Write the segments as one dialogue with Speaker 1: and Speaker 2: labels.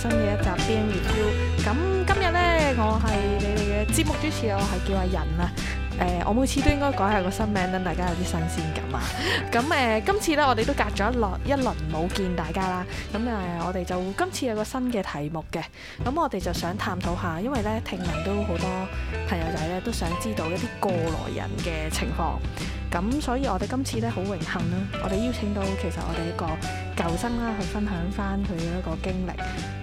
Speaker 1: 新嘅一集《Being with you》咁今日呢，我係你哋嘅節目主持，我係叫阿仁啊。誒、呃，我每次都應該改下個新名，等大家有啲新鮮感啊。咁誒、呃，今次呢，我哋都隔咗一落一輪冇見大家啦。咁誒、呃，我哋就今次有個新嘅題目嘅。咁我哋就想探討下，因為咧，聽聞都好多朋友仔呢，都想知道一啲過來人嘅情況。咁所以我哋今次咧好榮幸啦，我哋邀請到其實我哋一個舊生啦，去分享翻佢嘅一個經歷。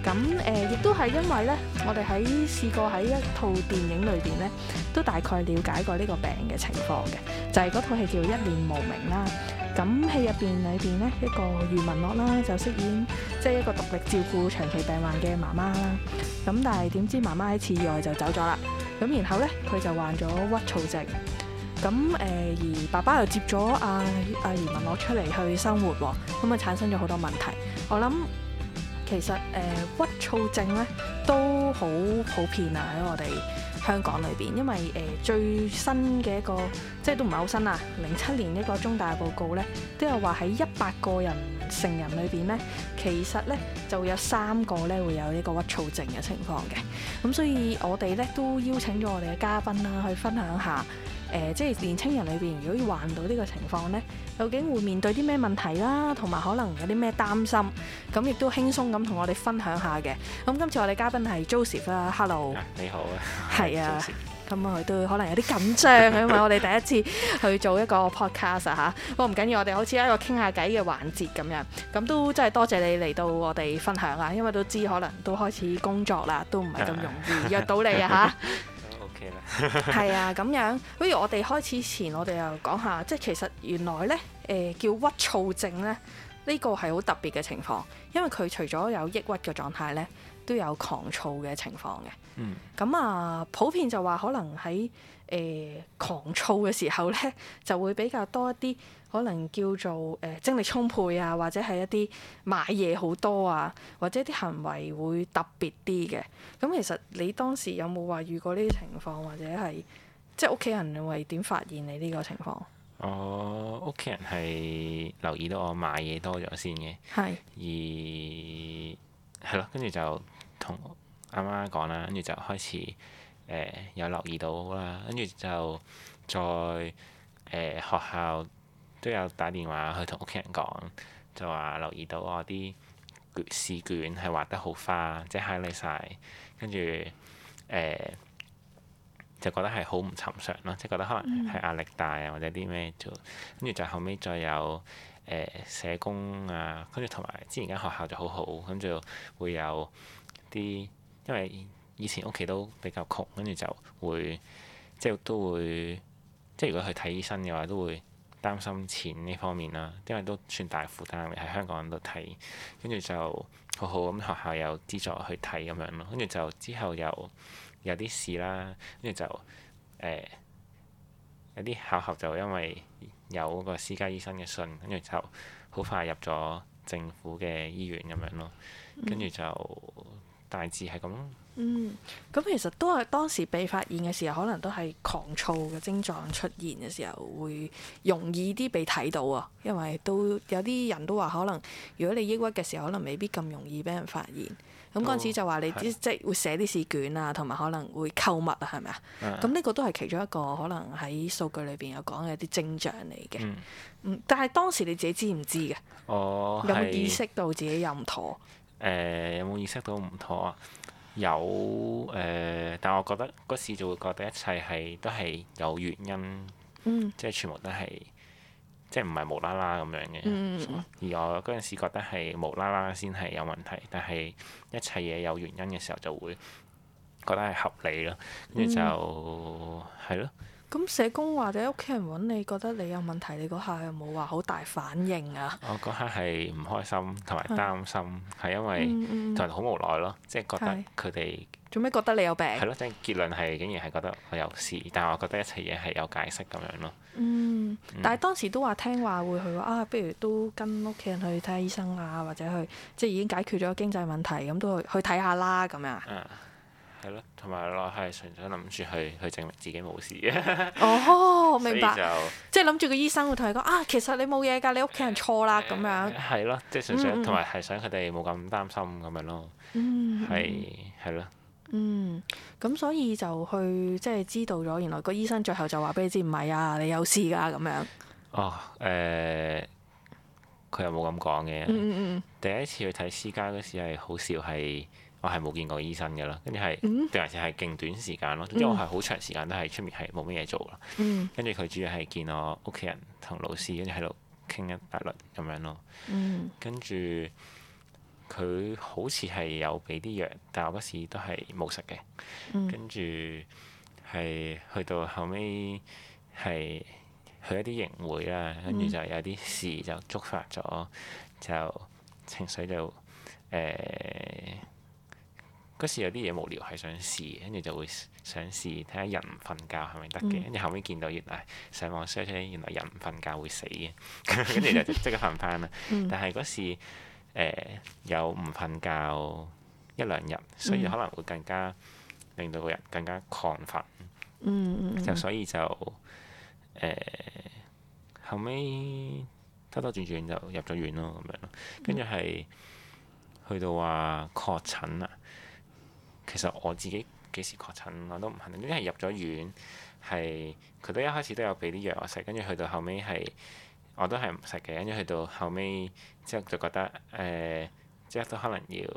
Speaker 1: 咁誒，亦都係因為咧，我哋喺試過喺一套電影裏邊咧，都大概了解過呢個病嘅情況嘅，就係嗰套戲叫《一念無明》啦。咁戲入邊裏邊呢，一個余文樂啦就飾演即係、就是、一個獨力照顧長期病患嘅媽媽啦。咁但係點知媽媽喺一次意外就走咗啦。咁然後咧，佢就患咗鬱躁症。咁誒、呃，而爸爸又接咗阿阿余文樂出嚟去生活，咁、哦、啊產生咗好多問題。我諗其實誒、呃、鬱躁症咧都好普遍啊，喺我哋香港裏邊，因為誒、呃、最新嘅一個即係都唔係好新啦，零七年一個中大報告咧，都有話喺一百個人成人裏邊咧，其實咧就有三個咧會有呢個鬱躁症嘅情況嘅。咁所以我哋咧都邀請咗我哋嘅嘉賓啦，去分享下。誒、呃，即係年青人裏邊，如果要患到呢個情況呢，究竟會面對啲咩問題啦，同埋可能有啲咩擔心，咁亦都輕鬆咁同我哋分享下嘅。咁今次我哋嘉賓係 Joseph。Hello 你好 Hi, 啊，係啊思，咁佢都可能有啲緊張 因為我哋第一次去做一個 podcast 啊嚇，不過唔緊要，我哋好似一個傾下偈嘅環節咁樣，咁都真係多謝你嚟到我哋分享啊，因為都知可能都開始工作啦，都唔係咁容易約到你啊嚇。 係 啊，咁樣，不如我哋開始前，我哋又講下，即係其實原來呢，誒、呃、叫鬱躁症呢，呢、呢個係好特別嘅情況，因為佢除咗有抑鬱嘅狀態呢，都有狂躁嘅情況嘅。嗯。咁啊，普遍就話可能喺誒、呃、狂躁嘅時候呢，就會比較多一啲。可能叫做誒、呃、精力充沛啊，或者係一啲買嘢好多啊，或者啲行為會特別啲嘅。咁其實你當時有冇話遇過呢啲情況，或者係即係屋企人會點發現你呢個情況？
Speaker 2: 哦，屋企人係留意到我買嘢多咗先嘅，係是，而係咯，跟住就同阿媽講啦，跟住就開始誒、呃，有留意到啦，跟住就再誒、呃、學校。都有打電話去同屋企人講，就話留意到我啲卷試卷係畫得好花，即係 high 晒。跟住誒就覺得係好唔尋常咯，即係覺得可能係壓力大啊，或者啲咩做，跟住就後尾再有誒、欸、社工啊，跟住同埋之前間學校就好好，跟住會有啲因為以前屋企都比較窮，跟住就會即係都會即係如果去睇醫生嘅話，都會。擔心錢呢方面啦，因為都算大負擔嘅喺香港人都睇，跟住就好好咁學校有資助去睇咁樣咯，跟住就之後又有啲事啦，跟住就誒、呃、有啲巧合，就因為有嗰個私家醫生嘅信，跟住就好快就入咗政府嘅醫院咁樣咯，跟住就大致係咁。
Speaker 1: 嗯，咁其實都係當時被發現嘅時候，可能都係狂躁嘅症狀出現嘅時候會容易啲被睇到啊，因為都有啲人都話可能如果你抑鬱嘅時候，可能未必咁容易俾人發現。咁嗰陣時就話你、哦、即係會寫啲試卷啊，同埋可能會購物啊，係咪啊？咁呢、嗯、個都係其中一個可能喺數據裏邊有講嘅啲症狀嚟嘅。嗯、但係當時你自己知唔知嘅？
Speaker 2: 我是有冇意識
Speaker 1: 到自己有唔妥？
Speaker 2: 誒、呃，有冇意識到唔妥啊？有誒、呃，但我覺得嗰時就會覺得一切係都係有原因，嗯、即係全部都係即係唔係無啦啦咁樣嘅。嗯、而我嗰陣時覺得係無啦啦先係有問題，但係一切嘢有原因嘅時候就會覺得係合理咯，跟住就係、係、咯。嗯
Speaker 1: 咁社工或者屋企人揾你，覺得你有問題，你嗰下有冇話好大反應啊？
Speaker 2: 我嗰下係唔開心，同埋擔心，係的因為同人好無奈咯，即係的覺得佢哋
Speaker 1: 做咩覺得你有病？係咯，即係
Speaker 2: 結論係竟然係覺得我有事，但係我覺得一切嘢係有解釋咁樣咯。嗯，嗯，但係
Speaker 1: 當時都話聽話會去話啊，不如都跟屋企人去睇下醫生啊，或者去即係已經解決咗經濟問題，咁都去去睇下啦咁樣。嗯
Speaker 2: 係咯，同埋落係純粹諗住去去證明自己冇事
Speaker 1: 嘅。哦，明白。即係諗住個醫生會同你講啊，其實你冇嘢㗎，你屋企人錯啦咁樣。
Speaker 2: 係咯，即係純粹同埋係想佢哋冇咁擔心咁樣咯。嗯，係係咯。嗯，
Speaker 1: 咁所以就去即係知道咗，原來個醫生最後就話俾你知，唔係啊，你有事㗎咁樣。
Speaker 2: 哦，誒，佢又冇咁講嘅？第一次去睇私家嗰時係好少係。我係冇見過醫生嘅咯，跟住係定還是係勁短時間咯，總之我係好長時間都係出面係冇咩嘢做咯。跟住佢主要係見我屋企人同老師，跟住喺度傾一大輪咁樣咯。跟住佢好似係有俾啲藥，但我嗰時都係冇食嘅。跟住係去到後尾係去一啲營會啦，跟住就有啲事就觸發咗，就情緒就誒。呃嗰時有啲嘢無聊，係想試，跟住就會想試睇下人唔瞓覺係咪得嘅。跟住、嗯、後尾見到原來上網 search 原來人唔瞓覺會死嘅，跟 住就即刻瞓翻啦。嗯、但係嗰時誒、呃、有唔瞓覺一兩日，所以可能會更加令到個人更加亢奮，嗯、
Speaker 1: 就所
Speaker 2: 以就誒、呃、後尾，兜兜轉轉就入咗院咯，咁樣咯，跟住係去到話確診啦。其實我自己幾時確診，我都唔肯定。啲係入咗院，係佢都一開始都有俾啲藥我食，跟住去到後尾係我都係唔食嘅。跟住去到後尾之後就覺得誒、呃，即係都可能要誒、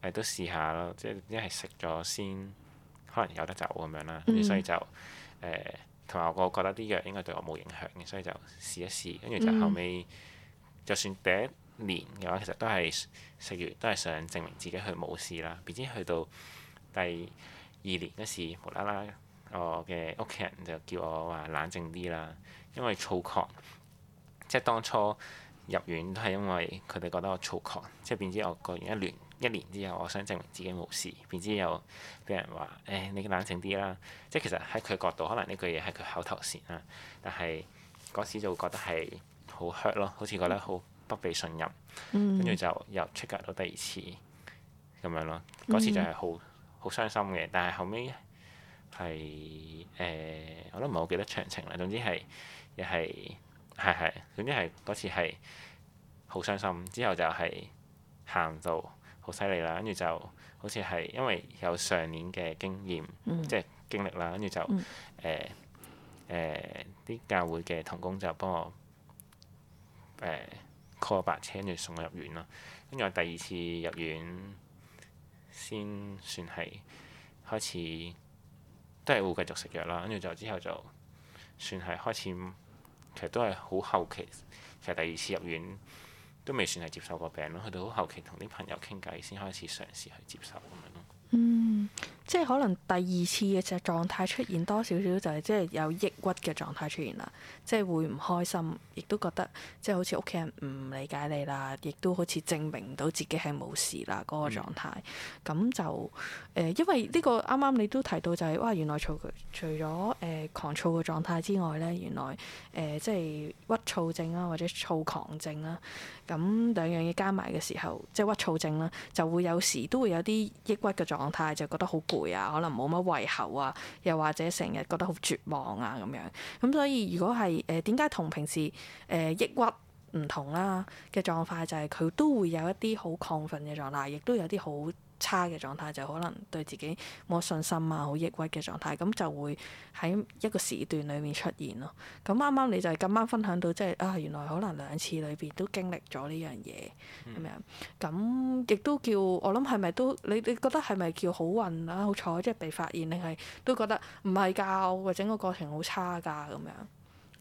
Speaker 2: 呃、都試下咯，即係一係食咗先，可能有得走咁樣啦。嗯、所以就誒同埋我覺得啲藥應該對我冇影響嘅，所以就試一試。跟住就後尾，嗯、就算第一年嘅話，其實都係食完，都係想證明自己去冇事啦。點知去到。第二年嗰時，無啦啦，我嘅屋企人就叫我話冷靜啲啦，因為躁狂，即係當初入院都係因為佢哋覺得我躁狂，即係變之我過完一年，一年之後我想證明自己冇事，變之又俾人話誒、哎、你冷靜啲啦，即係其實喺佢角度，可能呢句嘢係佢口頭禪啦，但係嗰時就會覺得係好 hurt 咯，好似覺得好不被信任，跟住、嗯、就又出格到第二次咁樣咯。嗰次就係好～、嗯好傷心嘅，但係後尾係誒，我都唔係好記得詳情啦。總之係又係係係，總之係嗰次係好傷心。之後就係行到好犀利啦，跟住就好似係因為有上年嘅經驗，嗯、即係經歷啦，跟住就誒誒啲教會嘅同工就幫我誒 call、呃、白車，跟住送我入院咯。跟住我第二次入院。先算係開始都，都係會繼續食藥啦。跟住就之後就算係開始，其實都係好後期，其實第二次入院都未算係接受過病咯。去到好後期，同啲朋友傾偈先開始嘗試去接受咁樣咯。
Speaker 1: 嗯。即係可能第二次嘅隻狀態出現多少少，就係即係有抑鬱嘅狀態出現啦，即係會唔開心，亦都覺得即係好似屋企人唔理解你啦，亦都好似證明唔到自己係冇事啦嗰、那個狀態。咁、嗯、就誒、呃，因為呢個啱啱你都提到就係、是、哇，原來除咗誒、呃、狂躁嘅狀態之外咧，原來誒、呃、即係鬱躁症啦、啊，或者躁狂症啦、啊，咁兩樣嘢加埋嘅時候，即係鬱躁症啦、啊，就會有時都會有啲抑鬱嘅狀態，就覺得好攰。會啊，可能冇乜胃口啊，又或者成日覺得好絕望啊咁樣，咁所以如果係誒點解同平時誒、呃、抑鬱唔同啦嘅狀態，狀態就係佢都會有一啲好亢奮嘅狀態，亦都有啲好差嘅狀態就可能對自己冇信心啊，好抑鬱嘅狀態，咁就會喺一個時段裏面出現咯。咁啱啱你就係咁啱分享到，即係啊，原來可能兩次裏邊都經歷咗呢樣嘢咁樣。咁亦、嗯、都叫我諗係咪都你你覺得係咪叫好運啊，好彩即係被發現，定係都覺得唔係噶，或者整個過程好差噶咁樣。
Speaker 2: 誒、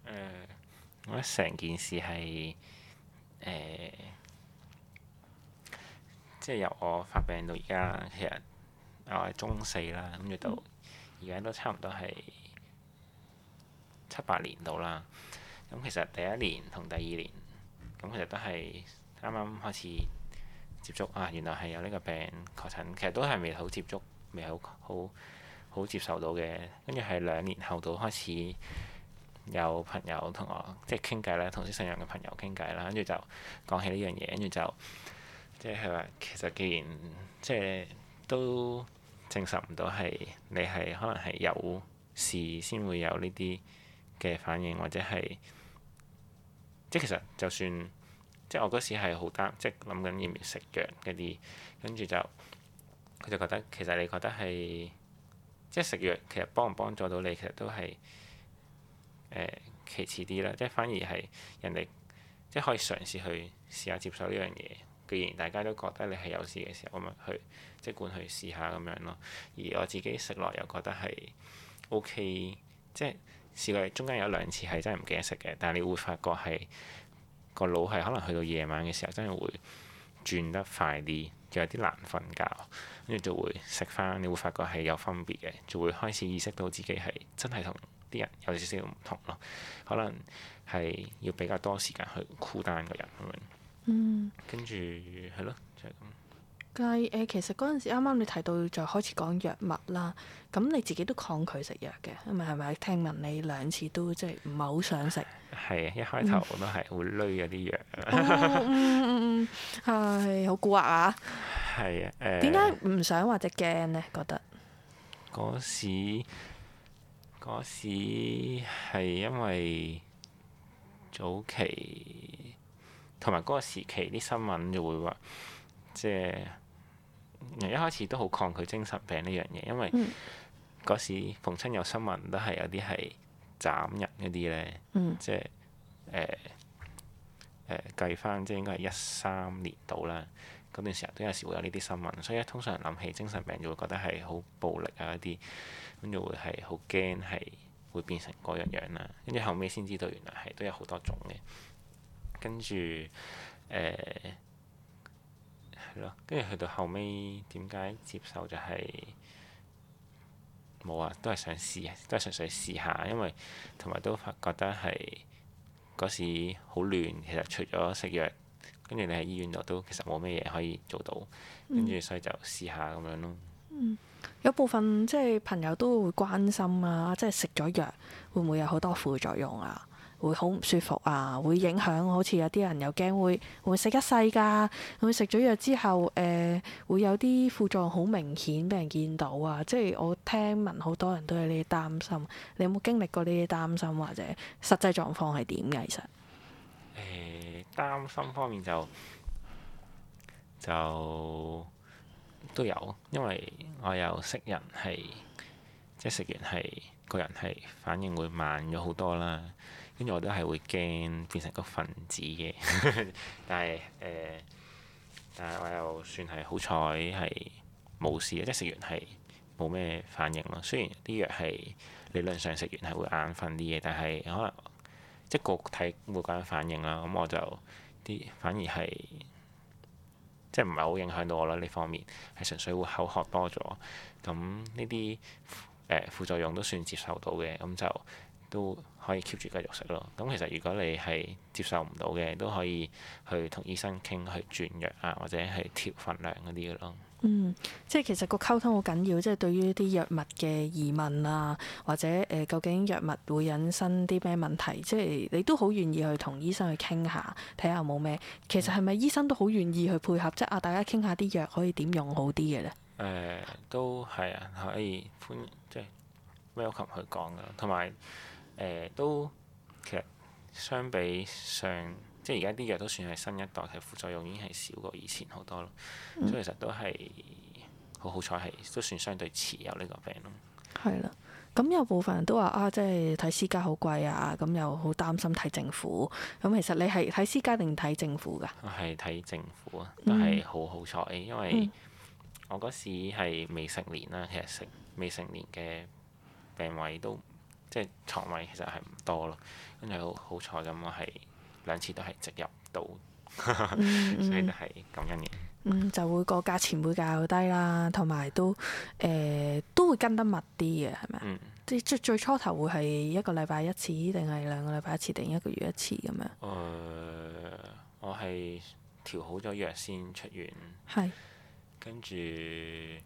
Speaker 2: 呃，我覺得成件事係誒。呃即係由我發病到而家，其實我係中四啦，跟住到而家都差唔多係七八年到啦。咁其實第一年同第二年，咁其實都係啱啱開始接觸啊，原來係有呢個病確診，其實都係未好接觸，未好好好接受到嘅。跟住係兩年後到開始有朋友同我即係傾偈啦，同啲信仰嘅朋友傾偈啦，跟住就講起呢樣嘢，跟住就。即係話，其實既然即係都證實唔到係你係可能係有事先會有呢啲嘅反應，或者係即其實就算即我嗰時係好擔，即係諗緊要唔要食藥嗰啲，跟住就佢就覺得其實你覺得係即食藥，其實幫唔幫助到你，其實都係誒、呃、其次啲啦，即反而係人哋即可以嘗試去嘗試下接受呢樣嘢。既然大家都覺得你係有事嘅時候，我咪去即管去試下咁樣咯。而我自己食落又覺得係 OK，即係試過中間有兩次係真係唔記得食嘅。但你會發覺係個腦係可能去到夜晚嘅時候，真係會轉得快啲，又有啲難瞓覺，跟住就會食翻。你會發覺係有分別嘅，就會開始意識到自己係真係同啲人有少少唔同咯。可能係要比較多時間去 cool down 個人咁樣，明唔明？
Speaker 1: 嗯，
Speaker 2: 跟住係咯，就係、是、咁。但
Speaker 1: 係誒、呃，其實嗰陣時啱啱你提到就開始講藥物啦，咁你自己都抗拒食藥嘅，唔係係咪？聽聞你兩次都即係唔係好想食？
Speaker 2: 係啊，一開頭我都係、嗯、會累嗰啲藥。嗯嗯嗯嗯，
Speaker 1: 係好蠱惑啊！
Speaker 2: 係啊，誒點解
Speaker 1: 唔想或者驚呢？覺得
Speaker 2: 嗰時嗰時係因為早期。同埋嗰個時期啲新聞就會話，即係一開始都好抗拒精神病呢樣嘢，因為嗰時逢親有新聞都係有啲係斬人嗰啲咧，即係誒誒計返即係應該係一三年度啦，嗰段時間都有時會有呢啲新聞，所以通常諗起精神病就會覺得係好暴力啊嗰啲，跟住會係好驚係會變成嗰樣樣啦，跟住後尾先知道原來係都有好多種嘅。跟住，誒，係、呃、咯，跟住去到後尾點解接受就係、是、冇啊？都係想試，都係純粹試下，因為同埋都覺得係嗰時好亂。其實除咗食藥，跟住你喺醫院度都其實冇咩嘢可以做到，跟住、嗯、所以就試下咁樣咯、嗯。
Speaker 1: 有部分即係朋友都會關心啊，即係食咗藥會唔會有好多副作用啊？會好唔舒服啊！會影響，好似有啲人又驚會會食一世㗎。會食咗藥之後，誒、呃、會有啲副作用好明顯，俾人見到啊！即係我聽聞好多人都有呢啲擔心，你有冇經歷過呢啲擔心，或者實際狀況係點嘅？其實
Speaker 2: 誒擔心方面就就都有，因為我有識人係即係食完係個人係反應會慢咗好多啦。跟住我都係會驚變成個分子嘅、 呃，但係誒，但係我又算係好彩，係冇事嘅，即係食完係冇咩反應咯。雖然啲藥係理論上食完係會眼瞓啲嘅，但係可能即係個睇每個人反應啦。咁我就啲反而係即係唔係好影響到我啦呢方面，係純粹會口渴多咗。咁呢啲誒副作用都算接受到嘅，咁就。都可以 keep 住繼續食咯。咁其實如果你係接受唔到嘅，都可以去同醫生傾，去轉藥啊，或者係調份量嗰啲咯。嗯，
Speaker 1: 即係其實個溝通好緊要，即係對於啲藥物嘅疑問啊，或者誒究竟藥物會引申啲咩問題，即係你都好願意去同醫生去傾下，睇下冇咩。其實係咪醫生都好願意去配合，即係啊，大家傾下啲藥可以點用好啲嘅咧？
Speaker 2: 誒，都係啊，可以歡即係 welcome 去講噶，同埋。誒、呃、都其實相比上，即係而家啲藥都算係新一代，係副作用已經係少過以前好多咯。嗯、所以其實都係好好彩，係都算相對持有呢個病咯。
Speaker 1: 係啦，咁有部分人都話啊，即係睇私家好貴啊，咁又好擔心睇政府。咁其實你係睇私家定睇政府㗎？
Speaker 2: 係睇政府啊，都係好好彩，嗯、因為我嗰時係未成年啦，其實成未成年嘅病位都。即係床位其實係唔多咯，跟住好好彩咁，我係兩次都係植入到， 所以就係咁樣嘅、嗯。嗯，
Speaker 1: 就會個價錢會較低啦，同埋都誒、呃、都會跟得密啲嘅，係咪？即即最初頭會係一個禮拜一次，定係兩個禮拜一次，定一個月一次咁樣。
Speaker 2: 誒、呃，我係調好咗藥先出院。係是。跟住。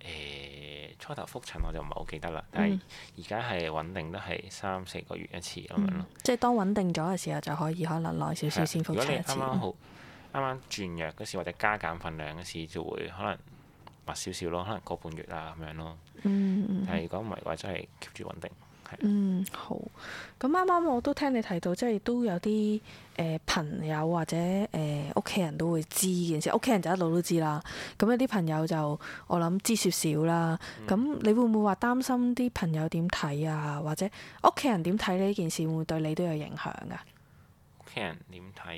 Speaker 2: 誒、欸、初頭復診我就唔係好記得啦，但係而家係穩定都係三四個月一次咁、嗯、樣咯、
Speaker 1: 嗯。即係當穩定咗嘅時候，就可以可能耐少少先復診一次。如果你啱啱好
Speaker 2: 啱啱轉藥嗰時，或者加減份量嗰時，就會可能密少少咯，可能個半月啊，咁樣咯。嗯嗯、但係如果唔係嘅話，真係 keep 住穩定。嗯
Speaker 1: 好，咁啱啱我都聽你提到，即係都有啲誒、呃、朋友或者誒屋企人都會知件事，屋企人就一路都知啦。咁有啲朋友就我諗知少少啦。咁、嗯、你會唔會話擔心啲朋友點睇啊？或者屋企人點睇呢件事會唔會對你都有影響㗎、啊？
Speaker 2: 屋企人點睇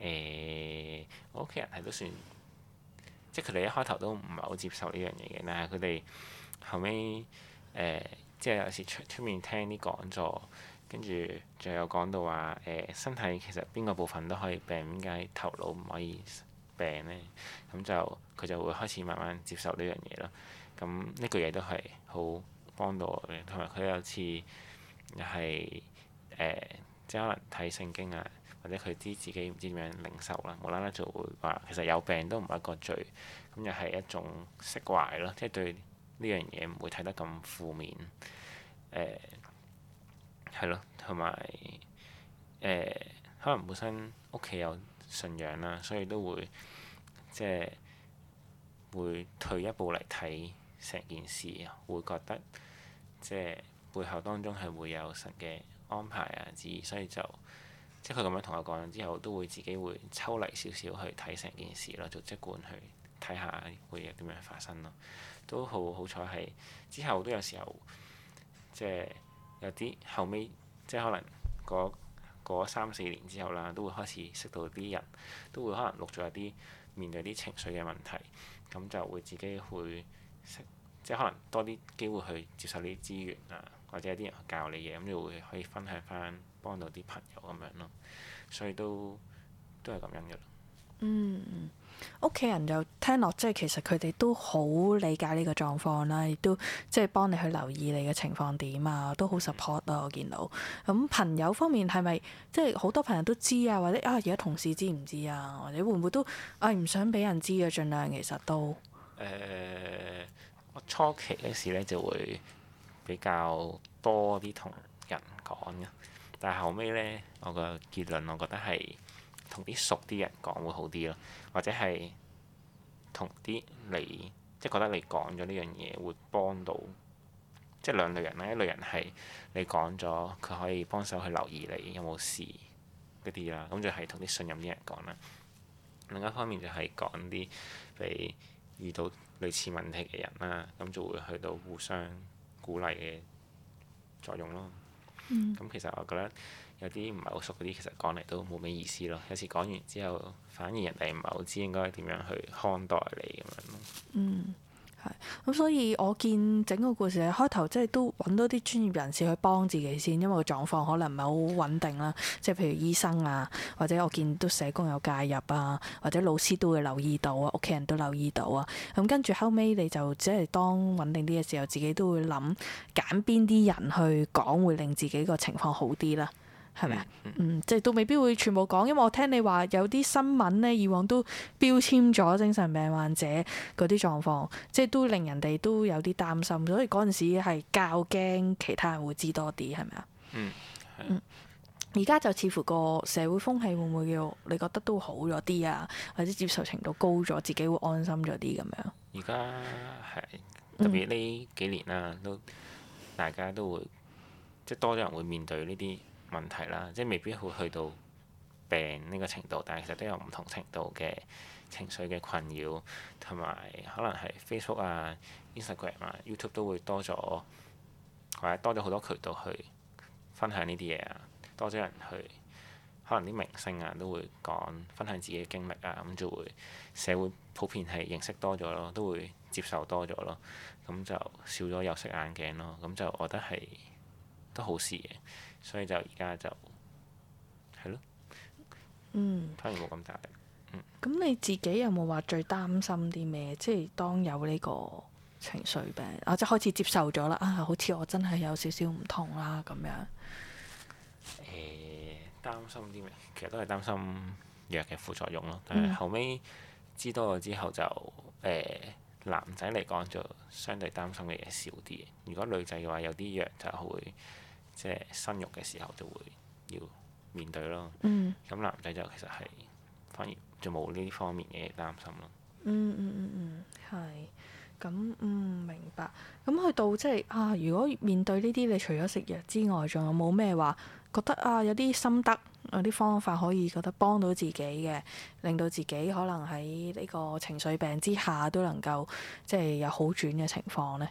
Speaker 2: 誒？我屋企人係都算，即係佢哋一開頭都唔係好接受呢樣嘢嘅，但係佢哋後尾。誒、呃。即係有時出出面聽啲講座，跟住仲有講到話誒、呃、身體其實邊個部分都可以病，點解頭腦唔可以病咧？咁就佢就會開始慢慢接受呢樣嘢咯。咁、嗯、呢句嘢都係好幫到我嘅，同埋佢有次又係誒，即係可能睇聖經啊，或者佢知自己唔知點樣領受啦、啊，無啦啦就會話其實有病都唔係一個罪，咁又係一種釋懷咯，即係對。呢樣嘢唔會睇得咁負面，誒係咯，同埋誒可能本身屋企有信仰啦，所以都會即係會退一步嚟睇成件事，會覺得即係背後當中係會有神嘅安排啊，之所以就即係佢咁樣同我講之後，都會自己會抽離少少去睇成件事咯，就即管去。睇下會有點樣發生咯，都好好彩係之後都有時候，即係有啲後尾，即係可能嗰嗰三四年之後啦，都會開始識到啲人，都會可能錄咗有啲面對啲情緒嘅問題，咁就會自己去識，即係可能多啲機會去接受呢啲資源啊，或者有啲人去教你嘢，咁你會可以分享翻幫到啲朋友咁樣咯，所以都都係咁樣嘅啦。嗯。
Speaker 1: 屋企人就聽落，即係其實佢哋都好理解呢個狀況啦，亦都即係幫你去留意你嘅情況點啊，都好 support 啊，我見到。咁、嗯嗯、朋友方面係咪即係好多朋友都知啊？或者啊，而家同事知唔知啊？或者會唔會都啊唔想俾人知啊？儘量其實都。
Speaker 2: 誒、呃，我初期嘅事咧就會比較多啲同人講嘅，但係後尾咧，我個結論我覺得係。同啲熟啲人講會好啲咯，或者係同啲你即係覺得你講咗呢樣嘢會幫到，即係兩類人啦。一類人係你講咗佢可以幫手去留意你有冇事嗰啲啦，咁就係同啲信任啲人講啦。另一方面就係講啲俾遇到類似問題嘅人啦，咁就會去到互相鼓勵嘅作用咯。咁，嗯，其實我覺得有啲唔係好熟嗰啲，其實講嚟都冇咩意思咯。有時講完之後，反而人哋唔係好知應該點樣去看待你咁樣咯。嗯
Speaker 1: 係咁、嗯，所以我見整個故事喺開頭，即係都揾多啲專業人士去幫自己先，因為個狀況可能唔係好穩定啦。即係譬如醫生啊，或者我見都社工有介入啊，或者老師都會留意到啊，屋企人都留意到啊。咁跟住後尾，你就只係當穩定啲嘅時候，自己都會諗揀邊啲人去講會令自己個情況好啲啦。係咪啊？嗯，即係都未必會全部講，因為我聽你話有啲新聞咧，以往都標籤咗精神病患者嗰啲狀況，即係都令人哋都有啲擔心，所以嗰陣時係較驚其他人會知多啲，係咪啊？嗯，而家、嗯、就似乎個社會風氣會唔會要你覺得都好咗啲啊？或者接受程度高咗，自己會安心咗啲咁樣？
Speaker 2: 而家係特別呢幾年啦，都、嗯、大家都會即係多咗人會面對呢啲問題啦，即未必會去到病呢個程度，但其實都有唔同程度嘅情緒嘅困擾，同埋可能係 Facebook 啊、Instagram 啊、YouTube 都會多咗，或者多咗好多渠道去分享呢啲嘢啊，多咗人去，可能啲明星啊都會講分享自己嘅經歷啊，咁就會社會普遍係認識多咗咯，都會接受多咗咯，咁就少咗有色眼鏡咯，咁就我覺得係。都好事嘅，所以就而家就係咯，嗯，
Speaker 1: 嗯，
Speaker 2: 當然冇咁大力。
Speaker 1: 咁你自己有冇話最擔心啲咩？即係當有呢個情緒病啊，即係開始接受咗啦啊，好似我真係有少少唔同啦咁樣。
Speaker 2: 誒、呃，擔心啲咩？其實都係擔心藥嘅副作用咯。但係後尾知多咗之後就誒、呃，男仔嚟講就相對擔心嘅嘢少啲。如果女仔嘅話，有啲藥就會。即係生育嘅時候就會要面對咯，咁、嗯、男仔就其實係反而就冇呢方面嘅擔心咯。嗯嗯嗯
Speaker 1: 嗯，係，咁嗯明白。咁去到即係啊，如果面對呢啲，你除咗食藥之外，仲有冇咩話覺得啊有啲心得、有啲方法可以覺得幫到自己嘅，令到自己可能喺呢個情緒病之下都能夠即係有好轉嘅情況呢？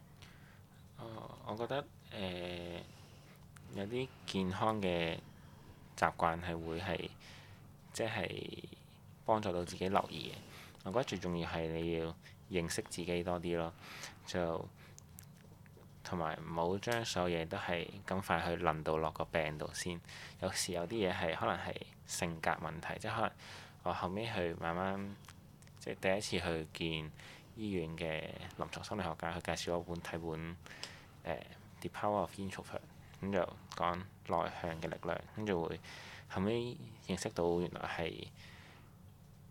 Speaker 2: 呃，我覺得誒。呃有啲健康嘅習慣係會係即係幫助到自己留意嘅。我覺得最重要係你要認識自己多啲咯，就同埋唔好將所有嘢都係咁快去論到落個病度先。有時有啲嘢係可能係性格問題，即係可能我後尾去慢慢即係第一次去見醫院嘅臨床心理學家，佢介紹咗本睇本誒、呃《The Power of Introvert》。咁就講內向嘅力量，跟住會後尾認識到原來係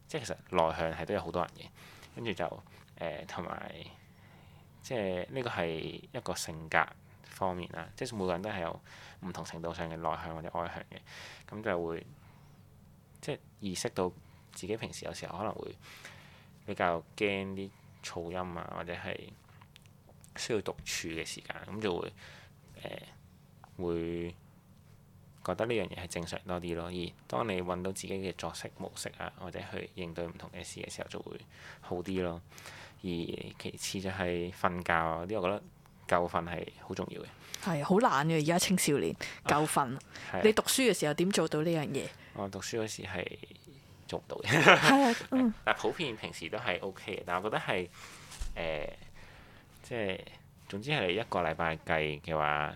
Speaker 2: 即係其實內向係都有好多人嘅，跟住就誒同埋即係呢個係一個性格方面啦，即係每個人都係有唔同程度上嘅內向或者外向嘅，咁就會即係意識到自己平時有時候可能會比較驚啲噪音啊，或者係需要獨處嘅時間，咁就會誒。呃會覺得呢樣嘢係正常多啲咯。而當你揾到自己嘅作息模式啊，或者去應對唔同嘅事嘅時候，就會好啲咯。而其次就係瞓覺啲，我覺得夠瞓係好重要
Speaker 1: 嘅。係好懶嘅，而家青少年夠瞓。你讀書嘅時候點做到呢樣嘢？
Speaker 2: 我、哦、讀書嗰時係做唔到嘅。 但普遍平時都係 O K 嘅，但我覺得係、呃、即係總之係一個禮拜計嘅話。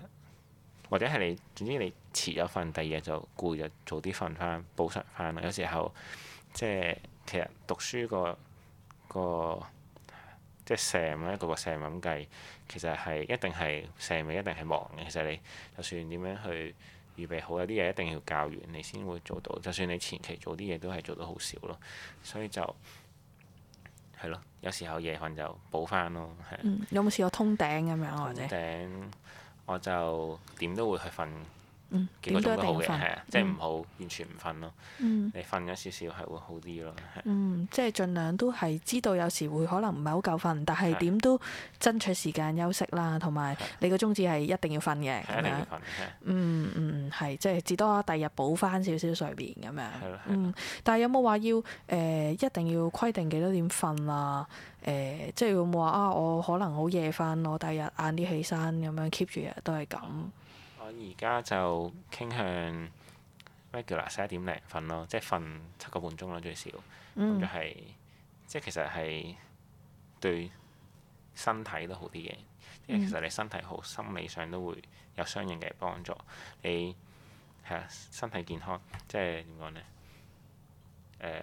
Speaker 2: 或者係你，總之你遲咗瞓，第二日就攰咗，早啲瞓翻補償翻。有時候即係其實讀書個個即係成一個個成咁計，其實係一定係成日一定係忙嘅。其實你就算點樣去預備好，有啲嘢一定要教完，你先會做到。就算你前期做啲嘢，都係做到好少咯。所以就係咯，有時候夜瞓就補翻咯。嗯，
Speaker 1: 有冇試過通頂咁樣或者？
Speaker 2: 我就點都會去瞓。
Speaker 1: 嗯，點都一定瞓，係啊、嗯，
Speaker 2: 嗯、即係唔好完全唔瞓咯。嗯、你瞓咗少少係會好啲咯。嗯，
Speaker 1: 即係盡量都係知道有時會可能唔係好夠瞓，但係點都爭取時間休息啦，同埋是你個宗旨係一定要瞓嘅咁樣。嗯嗯嗯，係、嗯、即係至多第日補翻少少睡眠咁樣。係咯、嗯、但係有冇話要誒、呃、一定要規定幾多點瞓啊？誒、呃，即係有冇話啊？我可能好夜瞓，我第日晏啲起身咁樣 keep 住日日，日都係咁。
Speaker 2: 我而家就傾向 regular 咩叫啦，十一點零瞓咯，即係瞓七個半鐘啦。最少。咁就係，即係其實係對身體都好啲嘅，因為、嗯、其實你身體好，心理上都會有相應嘅幫助。你係啊，身體健康即係點講咧？誒、呃，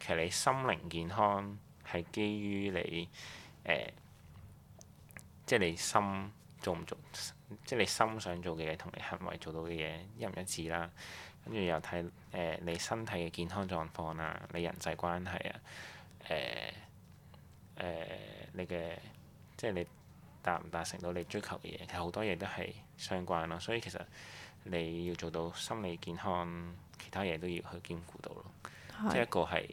Speaker 2: 其實你心靈健康係基於你誒、呃，即係你心做唔做？即係你心想做嘅嘢同你行為做到嘅嘢一唔一致啦，跟住又睇誒、呃、你身體嘅健康狀況啦，你人際關係啊，誒、呃、誒、呃、你嘅即係你達唔達成到你追求嘅嘢，其實好多嘢都係相關咯。所以其實你要做到心理健康，其他嘢都要去兼顧到咯，是即係一個係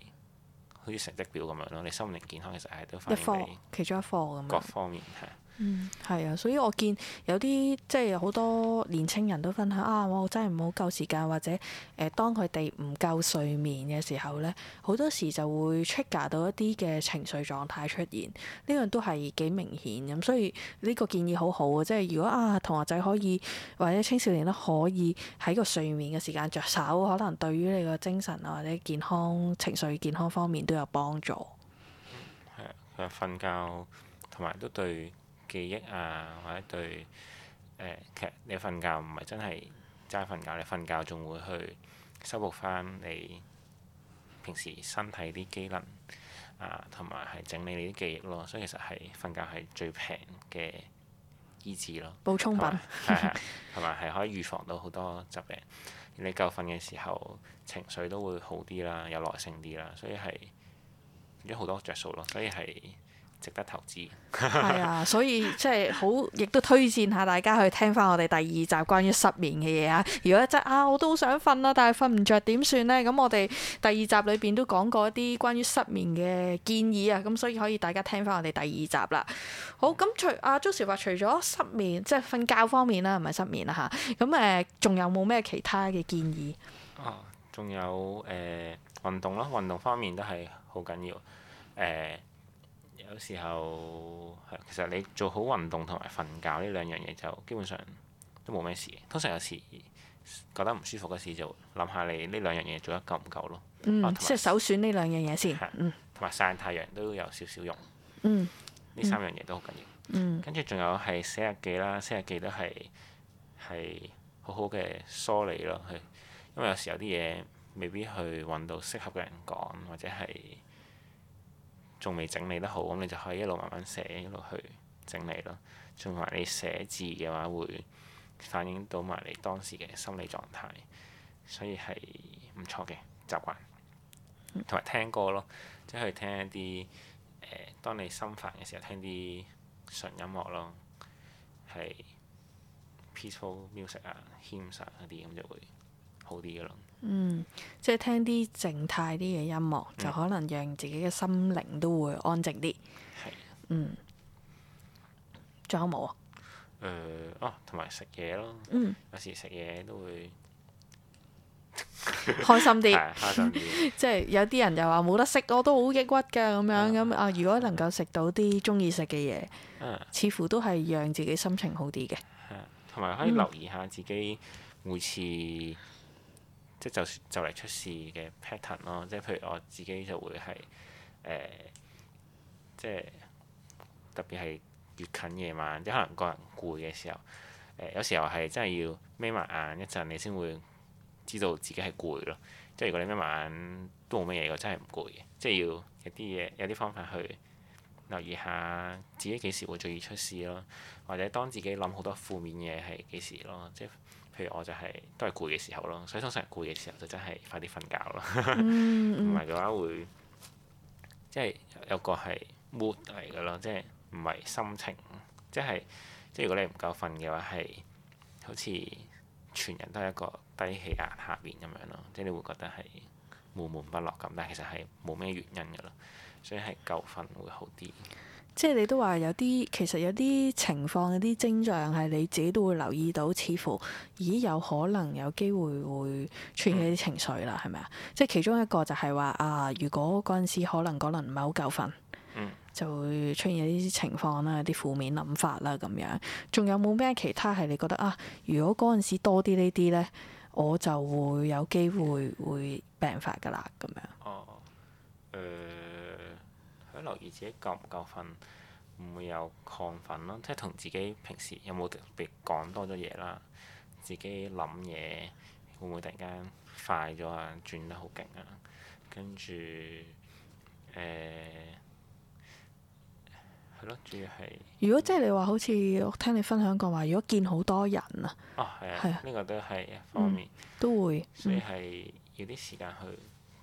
Speaker 2: 好似成績表咁樣咯。你心理健康其實係都反映你其中一科咁樣，各方面嚇。
Speaker 1: 嗯，係啊，所以我見有啲即係好多年輕人都分享啊，我真係唔好夠時間或者誒、呃，當佢哋唔夠睡眠嘅時候咧，好多時就會 trigger 到一啲嘅情緒狀態出現，呢樣都係幾明顯咁，所以呢個建議好好啊，即係如果啊，同學仔可以或者青少年都可以喺個睡眠嘅時間着手，可能對於你個精神啊或者健康、情緒健康方面都有幫助。
Speaker 2: 係啊，瞓覺同埋都對。記憶啊，或者對誒劇，呃、其實你瞓覺唔係真係齋瞓覺，嗯、你瞓覺仲會去修補返你平時身體啲機能啊，同埋係整理你啲記憶咯，所以其實係瞓覺係最平嘅醫治咯，補充品有，係，係同埋係可以預防到好多疾病。你夠瞓嘅時候，情緒都會好啲啦，有耐性啲啦，所以係一好多着數咯，所以係，值得投資，係 啊！
Speaker 1: 所以即係好，亦都推薦下大家去聽翻我哋第二集關於失眠嘅嘢啊！如果真啊，我都好想瞓啦、啊，但係瞓唔着點算呢？咁我哋第二集裏邊都講過一啲關於失眠嘅建議啊！咁所以可以大家聽翻我哋第二集啦。好，咁除阿朱 s i 除咗失眠，即係瞓覺方面啦、啊，唔係失眠啦、啊、吓，咁、啊、誒，仲有冇咩其他嘅建議？
Speaker 2: 哦、啊，仲有誒、呃、運動啦，運動方面都係好緊要誒。呃有時候係，其實你做好運動同埋瞓覺呢兩樣嘢就基本上都冇咩事。通常有時覺得唔舒服嗰時就諗下你呢兩樣嘢做得夠唔夠咯。嗯
Speaker 1: 啊、即係首選呢兩樣嘢先。
Speaker 2: 同埋係、嗯、曬太陽都有少少用。
Speaker 1: 呢、嗯、三樣
Speaker 2: 嘢都好緊要。跟住仲有係寫日記啦，寫日記都係係好好嘅梳理咯，去因為有時有啲嘢未必去揾到適合嘅人講或者係。仲未整理得好，咁你就可以一路慢慢寫，一路去整理咯。仲埋你寫字嘅話，會反映到埋你當時嘅心理狀態，所以係唔錯嘅習慣。同埋、嗯、聽歌咯，即係聽一啲誒、呃，當你心煩嘅時候聽啲純音樂咯，係 peaceful music 啊，hymn 啊嗰啲咁就會好啲嘅咯。嗯，即
Speaker 1: 係聽啲靜態啲嘅音樂，就可能讓自己嘅心靈都會安靜啲。係，嗯，仲有冇啊？
Speaker 2: 誒，啊，同埋食嘢咯。嗯。有時食嘢都會開心啲。係開
Speaker 1: 心啲。即係有啲人又話冇得食，我都好抑鬱㗎，咁樣咁啊！如果能夠食到啲中意食嘅嘢，嗯，似乎都係讓自己心情好啲嘅。
Speaker 2: 同埋可以留意下自己每次。即就就嚟出事嘅 pattern 咯，即係譬如我自己就會係誒、呃，即係特別係越近夜晚，即可能個人攰嘅時候，誒、呃、有時候係真係要眯埋眼一陣，你先會知道自己係攰咯。即係如果你眯埋眼都冇乜嘢，我真係唔攰嘅。即係要有啲嘢，有啲方法去留意下自己幾時會最易出事咯，或者當自己諗好多負面嘢係幾時咯，即譬如我就係、是、都係攰嘅時候咯，所以通常攰嘅時候就真係快啲瞓覺咯，唔係嘅話會即係有個係 mood 嚟嘅咯，即係唔係心情，即係即係如果你唔夠瞓嘅話，係好似全人都係一個低氣壓下邊咁樣咯，即係你會覺得係悶悶不樂咁，但係其實係冇咩原因嘅咯，所以係夠瞓會好啲。
Speaker 1: 即係你都話有啲，其實有啲情況、有啲症狀係你自己都會留意到，似乎咦有可能有機會會出現啲情緒啦，係咪啊？即係其中一個就係話啊，如果嗰陣時可能可能唔係好夠瞓，嗯，就會出現一啲情況啦、有啲負面諗法啦咁樣。仲有冇咩其他係你覺得啊？如果嗰陣時多啲呢啲呢，我就會有機會會病發噶啦咁樣。
Speaker 2: 哦，呃留意自己夠唔夠瞓？唔會有亢奮咯，即係同自己平時有冇特別講多咗嘢啦，自己諗嘢會唔會突然間快咗啊？轉得好勁啊！跟住誒，係、呃、咯，主要係
Speaker 1: 如果即係你話好似我聽你分享過話，如果見好多人啊，哦係啊，係啊吧，呢個都係一方面、嗯、都會，嗯、所以
Speaker 2: 係要啲時間去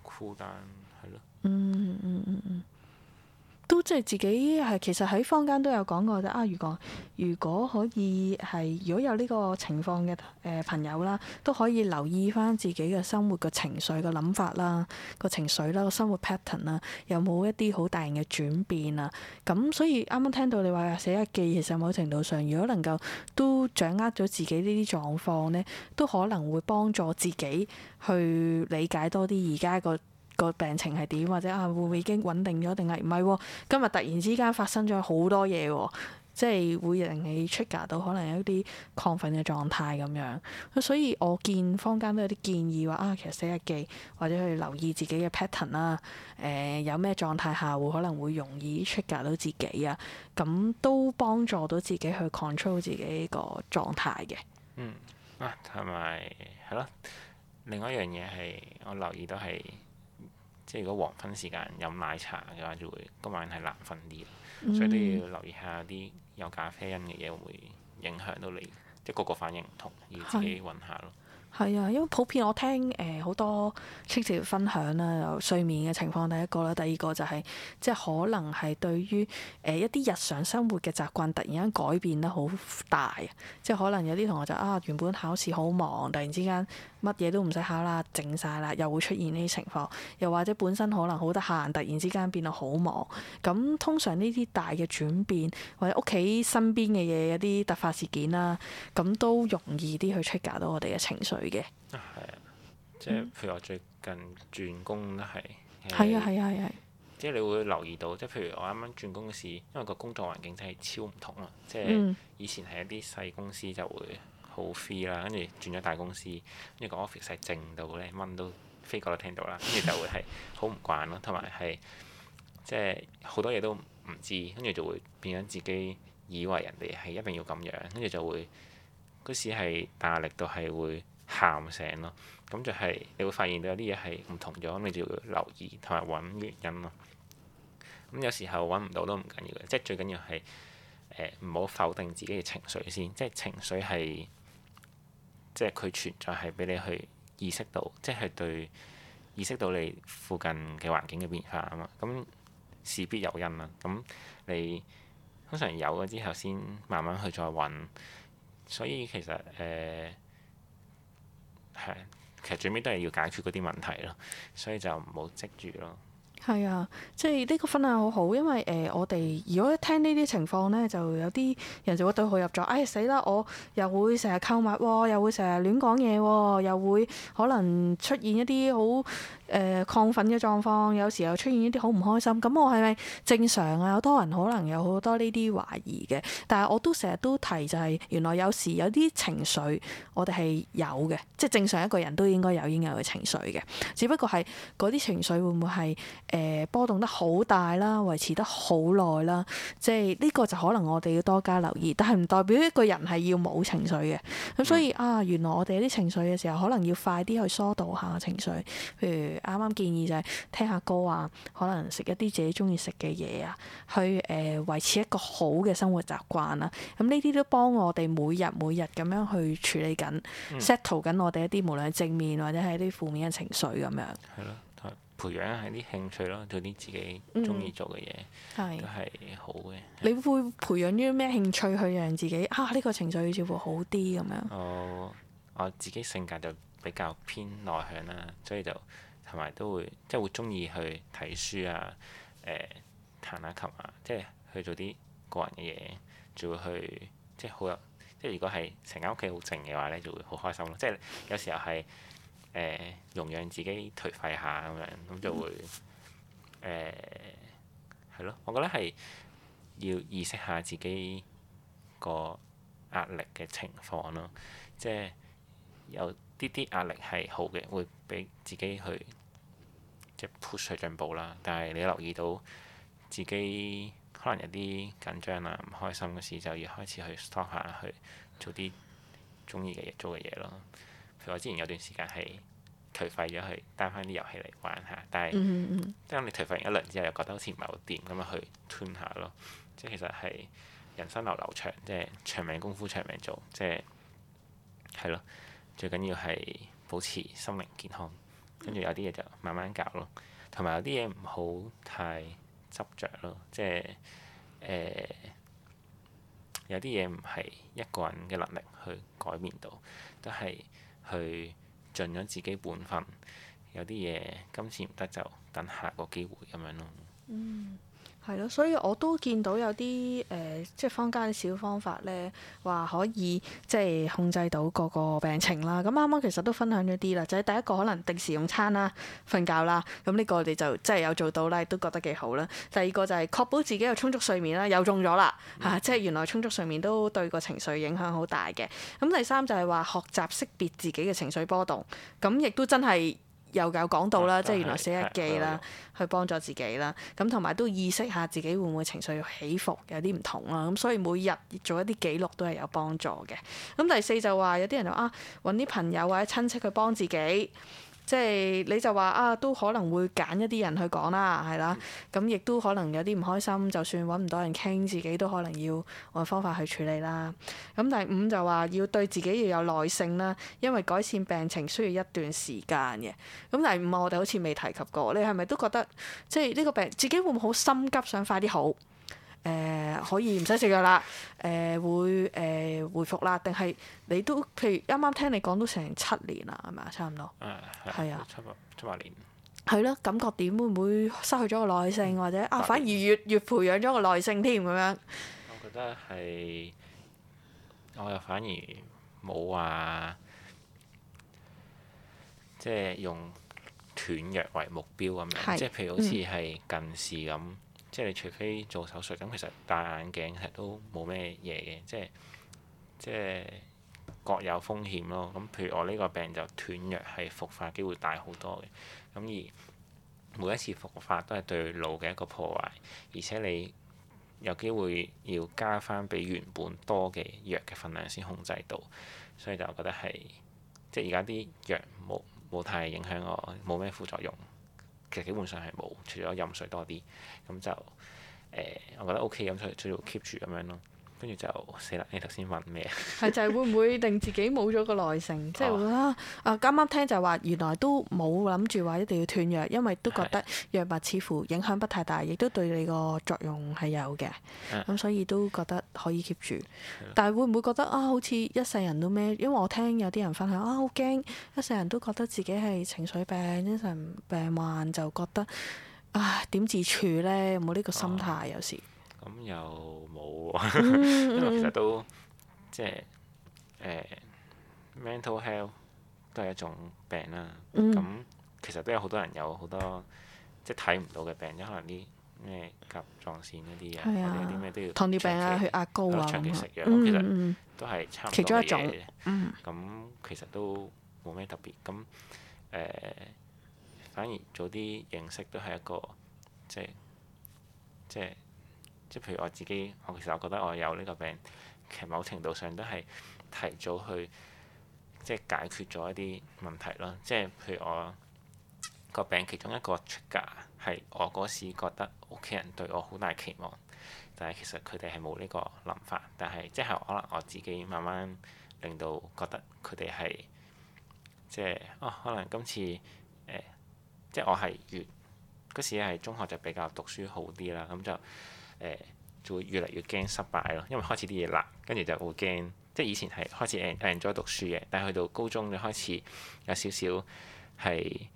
Speaker 2: cool down 係咯，嗯嗯嗯嗯。嗯嗯。
Speaker 1: 都即係自己係，其實喺坊間都有講過啫。啊，如果如果可以係，如果有呢個情況嘅誒朋友啦，都可以留意返自己嘅生活嘅情緒、嘅諗法啦、個情緒啦、個生活 pattern 啦，有冇一啲好大型嘅轉變啊？咁所以啱啱聽到你話寫日記，其實某程度上，如果能夠都掌握咗自己呢啲狀況咧，都可能會幫助自己去理解多啲而家個。個病情係點，或者啊會唔會已經穩定咗，定係唔係喎？今日突然之間發生咗好多嘢，即係會令你出格到可能有一啲亢奮嘅狀態咁樣，所以我見坊間都有啲建議話啊，其實寫日記或者去留意自己嘅 pattern 啦、呃，誒有咩狀態下會可能會容易出格到自己啊，咁都幫助到自己去 control 自己個狀態
Speaker 2: 嘅。嗯，啊，同埋係咯，另外一樣嘢係我留意到係。即係如果黃昏時間飲奶茶嘅話，就會今晚係難瞓啲，所以都要留意下啲有咖啡因嘅嘢會影響到你，即係個個反應唔同，要自己揾下咯。
Speaker 1: 係啊，因為普遍我聽誒好、呃、多親切分享啦，有、呃、睡眠嘅情況第一個啦，第二個就係、是、即係可能係對於誒、呃、一啲日常生活嘅習慣突然間改變得好大，即係可能有啲同學就啊原本考試好忙，突然之間。乜嘢都唔使考啦，整晒啦，又會出現呢啲情況，又或者本身可能好得閒，突然之間變到好忙。咁通常呢啲大嘅轉變，或者屋企身邊嘅嘢，有啲突發事件啦，咁都容易啲去 trigger 到我哋嘅情緒嘅。啊，啊，即
Speaker 2: 係譬如我最近轉工都係係啊，係啊、嗯，係啊是，即係你會留意到，即係譬如我啱啱轉工時，因為個工作環境真係超唔同啊，即係、嗯、以前係一啲細公司就會。好 free 啦，跟住轉咗大公司，跟住個 office 係靜到咧，蚊都飛過都聽到啦，跟住就會係好唔慣咯，同埋係即係好多嘢都唔知，跟住就會變咗自己以為人哋係一定要咁樣，跟住就會嗰時係大壓力到係會喊醒咯。咁就係、是、你會發現到有啲嘢係唔同咗，你就要留意同埋揾原因咯。咁有時候揾唔到都唔緊要嘅，即係最緊要係誒唔好否定自己嘅情緒先，即係情緒係。即係佢存在係俾你去意識到，即係對意識到你附近嘅環境嘅變化啊嘛，咁事必有因啦。咁你通常有咗之後，先慢慢去再揾。所以其實誒係、呃，其實最尾都係要解決嗰啲問題咯，所以就唔好積住咯。
Speaker 1: 係啊，即係呢個分享好好，因為誒、呃、我哋如果一聽呢啲情況咧，就有啲人就會對號入座。哎死啦！我又會成日購物喎，又會成日亂講嘢喎，又會可能出現一啲好。誒、呃、亢奮嘅狀況，有時候出現一啲好唔開心，咁我係咪正常啊？好多人可能有好多呢啲懷疑嘅，但係我都成日都提就係原來有時有啲情緒，我哋係有嘅，即係正常一個人都應該有應有嘅情緒嘅，只不過係嗰啲情緒會唔會係誒、呃、波動得好大啦，維持得好耐啦，即係呢個就可能我哋要多加留意，但係唔代表一個人係要冇情緒嘅。咁所以啊，原來我哋有啲情緒嘅時候，可能要快啲去疏導下情緒，譬如。啱啱建議就係聽下歌啊，可能食一啲自己中意食嘅嘢啊，去誒、呃、維持一個好嘅生活習慣啦。咁呢啲都幫我哋每日每日咁樣去處理緊，settle 緊我哋一啲無論係正面或者係一啲負面嘅情緒咁樣。
Speaker 2: 係咯，培養係啲興趣咯，做啲自己中意做嘅嘢，嗯、都係好嘅。
Speaker 1: 你會培養啲咩興趣去讓自己啊？呢、這個情緒就會好啲咁
Speaker 2: 樣。哦、嗯，我自己性格就比較偏內向啦，所以就～同埋都會即係會中意去睇書啊，誒、呃、彈下、啊、琴啊，即係去做啲個人嘅嘢，就會去即係好有，即係如果係成間屋企好靜嘅話咧，就會好開心咯。即係有時候係誒、呃、容讓自己頹廢下咁樣，咁就會誒係、呃、咯。我覺得係要意識下自己個壓力嘅情況咯、啊，即係有。啲啲壓力係好嘅，會俾自己去即係、就是、push 去進步啦。但係你留意到自己可能有啲緊張啦、啊、唔開心嘅事，就要開始去 stop 下去做啲中意嘅嘢、做嘅嘢咯。譬如我之前有段時間係頹廢咗，去 down 翻啲遊戲嚟玩下，但係即係我哋頹廢完一輪之後，又覺得好似唔係好掂，咁啊去 turn 下咯。即係其實係人生流流長，即係長命功夫長命做，即係係咯。最緊要係保持心靈健康，跟住有啲嘢就慢慢搞咯，同埋有啲嘢唔好太執著咯，即係誒、呃、有啲嘢唔係一個人嘅能力去改變到，都係去盡咗自己本分。有啲嘢今次唔得就等下個機會咁樣咯。嗯。
Speaker 1: 係咯，所以我都見到有啲誒、呃，即係坊間小方法咧，話可以即係控制到個個病情啦。咁啱啱其實都分享咗啲啦，就係、是、第一個可能定時用餐啦、瞓覺啦。咁呢個我哋就真係有做到啦，亦都覺得幾好啦。第二個就係確保自己有充足睡眠啦，又中咗啦嚇、啊！即係原來充足睡眠都對個情緒影響好大嘅。咁第三就係話學習識別自己嘅情緒波動，咁亦都真係。又又講到啦，嗯、即係原來寫日記啦，嗯、去幫助自己啦。咁同埋都意識下自己會唔會情緒起伏，有啲唔同啦。咁所以每日做一啲記錄都係有幫助嘅。咁、嗯、第四就話、是、有啲人就啊，揾啲朋友或者親戚去幫自己。即係你就話啊，都可能會揀一啲人去講啦，係啦，咁亦都可能有啲唔開心，就算揾唔到人傾，自己都可能要按方法去處理啦。咁第五就話要對自己要有耐性啦，因為改善病情需要一段時間嘅。咁第五我哋好似未提及過，你係咪都覺得即係呢個病自己會唔會好心急，想快啲好？誒、呃、可以唔使食藥啦，誒、呃、會誒、呃、回復啦，定係你都譬如啱啱聽你講都成七年啦，係咪啊？差唔多。
Speaker 2: 誒的。係啊。七八七八年。
Speaker 1: 係咯，感覺點會唔會失去咗個耐性，或者年啊，反而越越培養咗個耐性添咁樣？
Speaker 2: 我覺得係，我又反而冇話，即、就、係、是、用斷藥為目標咁的、嗯、樣，即係譬如好似係近視咁。即係你除非做手術，咁其實戴眼鏡其實都冇咩嘢嘅，即係即係各有風險咯。咁譬如我呢個病就斷藥係復發機會大好多嘅，咁而每一次復發都係對腦嘅一個破壞，而且你有機會要加翻比原本多嘅藥嘅分量先控制到，所以就覺得係即係而家啲藥冇冇太影響我，冇咩副作用。其實基本上係冇，除咗飲水多啲，咁就誒、呃，我覺得 O K，咁所以都要 keep 住咁樣咯。跟住就死啦！你頭先問咩？
Speaker 1: 係 就係會唔會令自己冇咗個耐性？即係會啊，啱啱聽就係話原來都冇諗住話一定要斷藥，因為都覺得藥物似乎影響不太大，亦都對你個作用係有嘅。咁、嗯嗯、所以都覺得可以 keep 住。但係會唔會覺得啊？好似一世人都咩？因為我聽有啲人分享啊，好驚一世人，都覺得自己係情緒病、精神病患，就覺得啊點自處咧？冇呢個心態有時。嗯
Speaker 2: 咁又冇，嗯嗯、 因為其實都即係誒、呃、mental health 都係一種病啦、啊。咁、嗯嗯、其實都有好多人有好多即係睇唔到嘅病，即係、啊、可能啲咩甲狀腺嗰、啊、啲、啊、或者啲咩都要糖尿
Speaker 1: 病啊，長期啊、血壓高啊咁長期食藥，嗯、其實都係差唔多嘅嘢。嗯。
Speaker 2: 咁其、嗯、其實都冇咩特別。咁誒、呃，反而早啲認識都係一個即係即係。即即譬如我自己，我其實我覺得我有呢個病，其實某程度上都係提早去，即係解決咗一啲問題咯。即係譬如我個病其中一個出格係我嗰時覺得屋企人對我好大期望，但係其實佢哋係冇呢個諗法。但係即係可能我自己慢慢令到覺得佢哋係即係哦，可能今次誒、呃，即係我係越嗰時係中學就比較讀書好啲啦，咁就。誒、呃、就會越嚟越驚失敗咯，因為開始啲嘢難，跟住就會驚。即係以前係開始 en enjoy 讀書嘅，但係去到高中就開始有少少係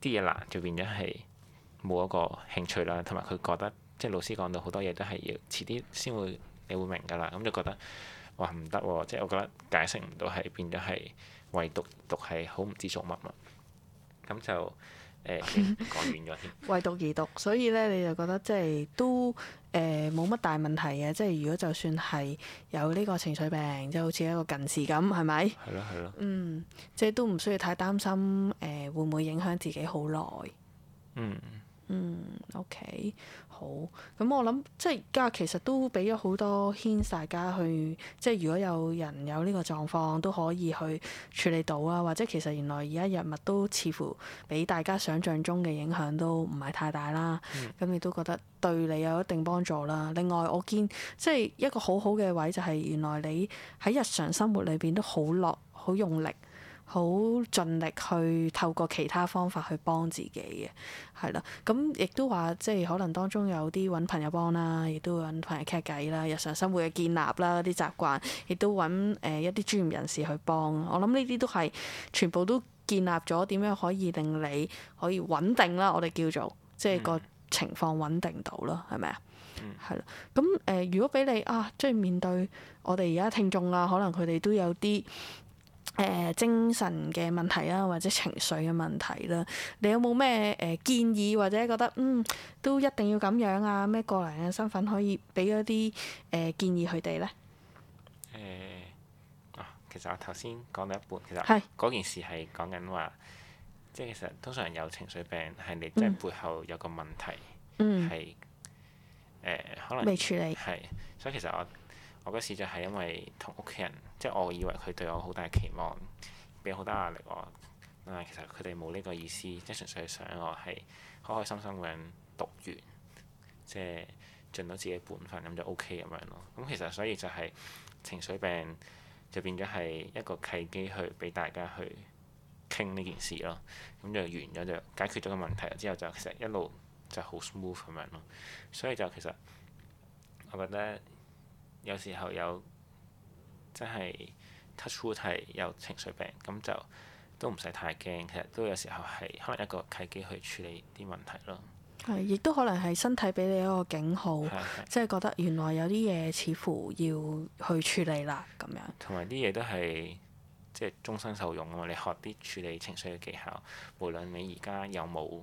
Speaker 2: 啲嘢難，就變咗係冇一個興趣啦。同埋佢覺得即係老師講到好多嘢都係要遲啲先會你會明㗎啦。咁就覺得話唔得喎，即係我覺得解釋唔到，係變咗係唯獨讀讀係好唔知做乜嘛。咁就。
Speaker 1: 誒，改完咗先。為讀而讀，所以咧，你就覺得即係都誒冇乜大問題嘅。即係如果就算係有呢個情緒病，即係好似一個近視咁，係咪？係咯，係咯。嗯，即係都唔需要太擔心誒、呃，會唔會影響自己好耐？
Speaker 2: 嗯。
Speaker 1: 嗯，OK，好。咁我諗，即係而家其實都俾咗好多 hint 大家去，即係如果有人有呢個狀況，都可以去處理到啊。或者其實原來而家藥物都似乎比大家想象中嘅影響都唔係太大啦。咁亦、嗯、都覺得對你有一定幫助啦。另外我見，即係一個好好嘅位就係原來你喺日常生活裏邊都好落，好用力。好盡力去透過其他方法去幫自己嘅，係啦。咁亦都話，即係可能當中有啲揾朋友幫啦，亦都揾朋友傾偈啦，日常生活嘅建立啦，啲習慣亦都揾、呃、一啲專業人士去幫。我諗呢啲都係全部都建立咗點樣可以令你可以穩定啦。我哋叫做即係個情況穩定到啦，係咪、嗯呃、啊？係啦。咁如果俾你啊，即係面對我哋而家聽眾啊，可能佢哋都有啲，誒、呃、精神嘅問題啦，或者情緒嘅問題啦，你有冇咩誒建議，或者覺得嗯都一定要咁樣啊？咩過來人身份可以俾一啲誒、呃、建議佢哋咧？
Speaker 2: 誒、呃啊、其實我頭先講到一半，其實嗰件事係講緊話，即係是其實通常有情緒病係你即係背後有個問題，係誒、嗯呃、可能未處理，係所以其實我我嗰時就係因為同屋企人。即我以為佢對我好大期望，俾好多壓力我。但係其實佢哋冇呢個意思，即係純粹想我係開開心心咁樣讀完，即係盡到自己本分咁就 OK 咁樣咯。咁其實所以就係情緒病，就變咗係一個契機去俾大家去傾呢件事咯。咁就完咗就解決咗個問題之後就其實一路就好 smooth 咁樣咯。所以就其實我覺得有時候有。即係 touch wood 係有情緒病，咁就都唔使太驚。其實都有時候係可能一個契機去處理啲問題咯。
Speaker 1: 係，亦都可能係身體俾你一個警號， 即係覺得原來有啲嘢似乎要去處理啦咁樣。
Speaker 2: 同埋啲嘢都係即係終身受用啊嘛，你學啲處理情緒嘅技巧，無論你而家有冇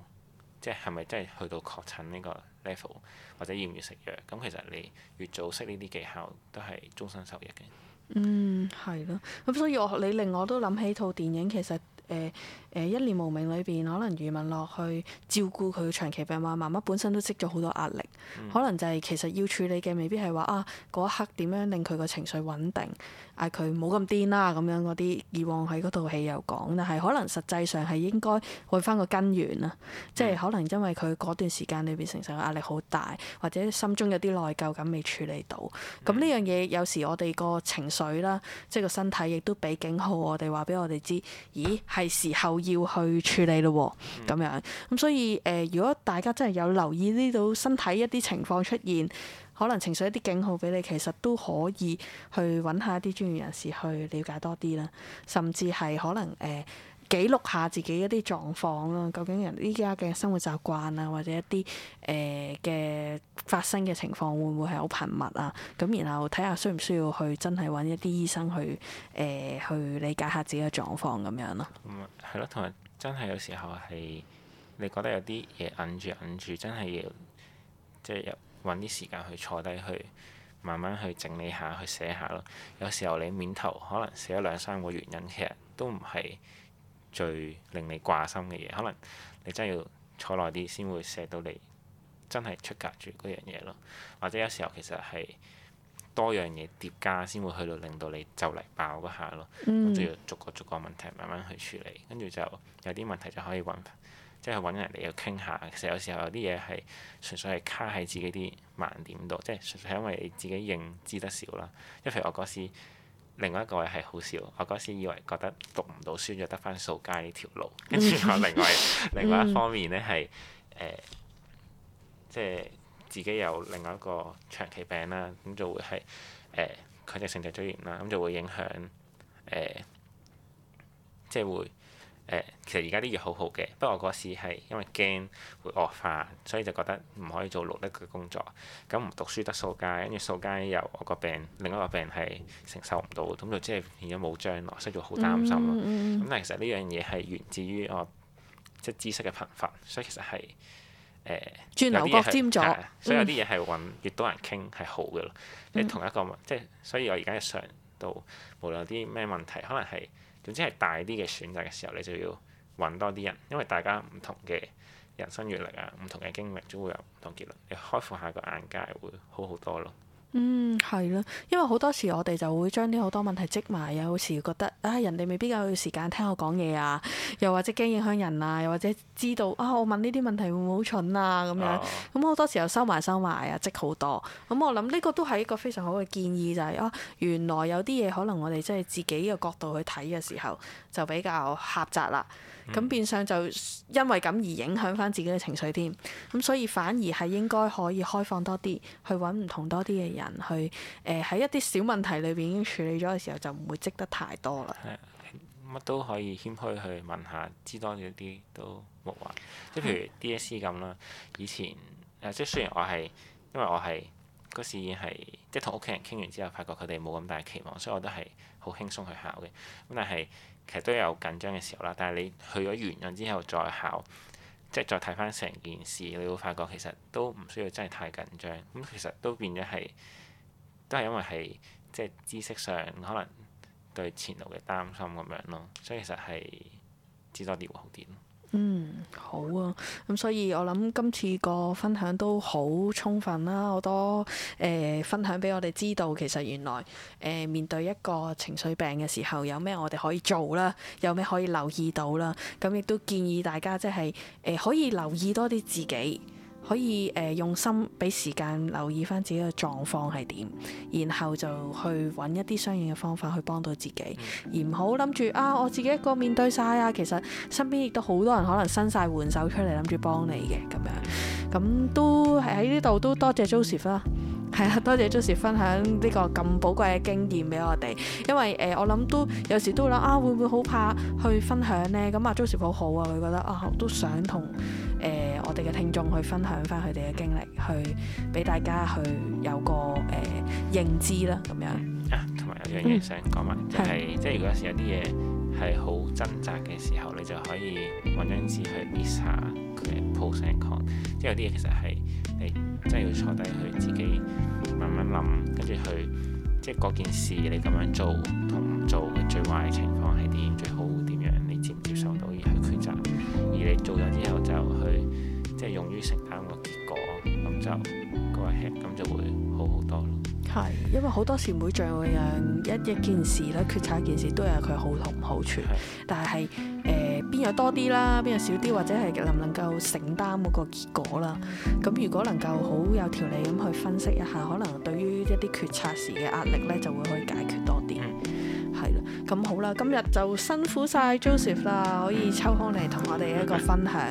Speaker 2: 即係係咪真係去到確診呢個 level，或者要唔要食藥，咁其實你越早識呢啲技巧，都係終身受益嘅。
Speaker 1: 嗯，係咯，咁、嗯、所以我你令我都諗起套電影，其實。誒誒、呃呃，一念無明裏邊，可能余文樂去照顧佢長期病患，媽媽本身都積咗好多壓力，嗯、可能就係其實要處理嘅未必係話啊嗰一刻點樣令佢個情緒穩定，嗌佢冇咁癲啦咁樣嗰啲。以往喺嗰套戲又講，但係可能實際上係應該去翻個根源啦，嗯、即係可能因為佢嗰段時間裏邊承受嘅壓力好大，或者心中有啲內疚咁未處理到。咁呢、嗯、樣嘢有時我哋個情緒啦，即係個身體亦都俾警號，我哋話俾我哋知，咦？係時候要去處理咯，咁樣咁、嗯嗯、所以誒、呃，如果大家真係有留意呢度身體一啲情況出現，可能情緒一啲警號俾你，其實都可以去揾下一啲專業人士去了解多啲啦，甚至係可能誒。呃記錄下自己一啲狀況咯，究竟人依家嘅生活習慣啊，或者一啲誒嘅發生嘅情況會唔會係好頻密啊？咁然後睇下需唔需要去真係揾一啲醫生去誒、呃、去理解下自己嘅狀況咁樣咯。嗯，
Speaker 2: 係咯，同埋真係有時候係你覺得有啲嘢揞住揞住，真係要即係有揾啲時間去坐低去慢慢去整理下去寫下咯。有時候你面頭可能寫咗兩三個原因，其實都唔係。最令你掛心嘅嘢，可能你真係要坐耐啲先會錫到你，真係出格住嗰樣嘢咯。或者有時候其實係多樣嘢疊加先會去到令到你就嚟爆嗰下咯。咁、嗯、就要逐個逐個問題慢慢去處理，跟住就有啲問題就可以揾，即係揾人哋去傾下。其實有時候有啲嘢係純粹係卡喺自己啲盲點度，即係純粹係因為你自己認知得少啦。譬如我嗰時～另外一個位係好少，我嗰時以為覺得讀唔到書，就得返掃街呢條路。跟住我另外 另外一方面咧係誒，即係自己有另外一個長期病啦，咁就會係誒強直性脊椎炎啦，咁就會影響誒、呃，即係會。誒，其實而家啲藥好好嘅，不過我嗰時係因為驚會惡化，所以就覺得唔可以做勞力嘅工作，咁唔讀書得掃街，跟住掃街又我個病另一個病係承受唔到，咁就即係變咗冇將來，所以就好擔心咯。咁、嗯嗯、但係其實呢樣嘢係源自於我即係知，知識嘅貧乏，所以其實係誒、呃、有啲嘢係，所以有啲嘢係揾越多人傾係好嘅咯。嗯、即係同一個即係，所以我而家一上到無論有啲咩問題，可能係。總之係大啲嘅選擇嘅時候，你就要揾多啲人，因為大家唔同嘅人生閲歷啊、唔同嘅經歷，都會有唔同結論。你開闊下個眼界，會好好多咯。
Speaker 1: 嗯，係啦，因為好多時我哋就會將啲好多問題積埋，好時覺得啊，人哋未必有時間聽我講嘢啊，又或者驚影響人啊，又或者知道啊，我問呢啲問題會唔會好蠢啊咁樣，咁好、哦、多時候收埋收埋啊，積好多。咁、嗯、我諗呢個都係一個非常好嘅建議，就係、是、啊，原來有啲嘢可能我哋真係自己嘅角度去睇嘅時候，就比較狹窄啦。咁、嗯、變相就因為咁而影響翻自己嘅情緒添，咁所以反而係應該可以開放多啲，去揾唔同多啲嘅人去，誒、呃、喺一啲小問題裏邊已經處理咗嘅時候，就唔會積得太多啦。
Speaker 2: 乜都可以謙虛去問下，知多少啲都冇壞。即譬如 DSE 咁啦，以前、啊、即係雖然我係因為我係嗰時已經係即同屋企人傾完之後，發覺佢哋冇咁大期望，所以我都係好輕鬆去考嘅。咁但係。其實都有緊張嘅時候啦，但係你去咗完咗之後再考，即係再睇翻成件事，你會發覺其實都唔需要真係太緊張。咁其實都變咗係，都係因為係即係知識上可能對前路嘅擔心咁樣咯，所以其實係知多啲會好啲咯。
Speaker 1: 嗯，好啊。咁所以，我諗今次個分享都好充分啦，好多誒分享俾我哋知道，其實原來誒、呃、面對一個情緒病嘅時候，有咩我哋可以做啦，有咩可以留意到啦。咁亦都建議大家即係誒、呃、可以留意多啲自己。可以誒、呃、用心俾時間留意翻自己嘅狀況係點，然後就去揾一啲相應嘅方法去幫到自己，而唔好諗住啊我自己一個面對晒啊。其實身邊亦都好多人可能伸晒援手出嚟諗住幫你嘅咁樣，咁都係喺呢度都多謝 Joseph 啦，係啊，多謝 Joseph 分享呢個咁寶貴嘅經驗俾我哋，因為誒、呃、我諗都有時都會諗啊會唔會好怕去分享呢？咁啊 Joseph 好好啊，佢覺得啊都想同，誒、呃，我哋嘅聽眾去分享翻佢哋嘅經歷，嗯、去俾大家去有個誒、呃、認知啦，咁樣
Speaker 2: 啊，同埋有樣嘢想講埋，就係即係如果有時有啲嘢係好掙扎嘅時候，你就可以揾張紙去 list 下佢嘅 pros and cons，即係有啲嘢其實係你真係要坐低去自己慢慢諗，跟住去即係嗰件事你咁樣做同唔做嘅最壞嘅情況係點，最好點樣，你接唔接受到而去抉擇，而你做咗之後就。即係用於承擔個結果，咁就嗰個吃，咁就，就會好好多咯。
Speaker 1: 係，因為好多時每樣嘢、一一件事、一決策一件事，都有佢好同唔好處，的但係誒邊樣多啲啦，邊有少啲，或者係能唔能夠承擔嗰個結果啦？咁如果能夠好有條理咁去分析一下，可能對於一啲決策時嘅壓力呢，就會可以解決多啲。咁好啦，今日就辛苦晒 Joseph 啦，可以抽空嚟同我哋一個分享。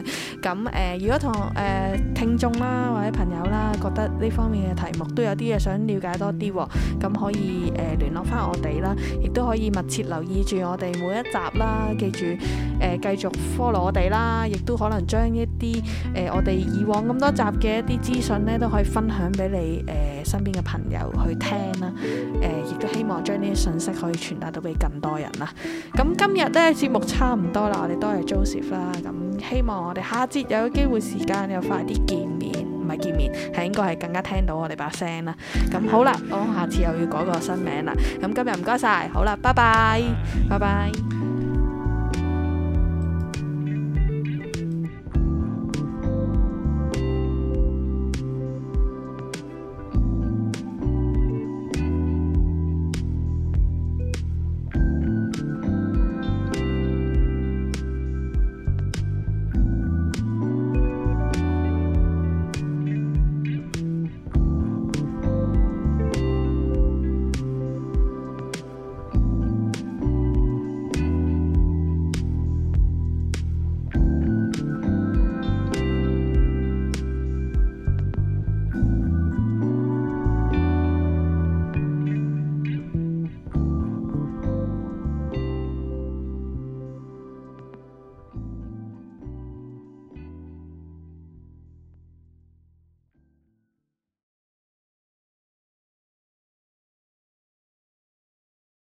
Speaker 1: 咁誒、呃、如果同誒、呃、聽眾啦或者朋友啦覺得呢方面嘅題目都有啲嘢想了解多啲，咁可以誒聯、呃、絡翻我哋啦，亦都可以密切留意住我哋每一集啦，記住誒繼、呃、續 follow 我哋啦，亦都可能將一啲誒、呃、我哋以往咁多集嘅一啲資訊咧，都可以分享俾你誒、呃、身邊嘅朋友去聽啦。誒、呃、亦都希望將呢啲信息可以傳達到俾更多。多人啦，咁今日咧，節目差唔多啦，我哋多謝 Joseph 啦，咁希望我哋下節有機會時間又快啲見面，唔係見面係應該係更加聽到我哋把聲啦，咁好啦，我、 哦、下次又要改個新名啦，咁今日唔該晒。好啦，拜拜， 拜拜。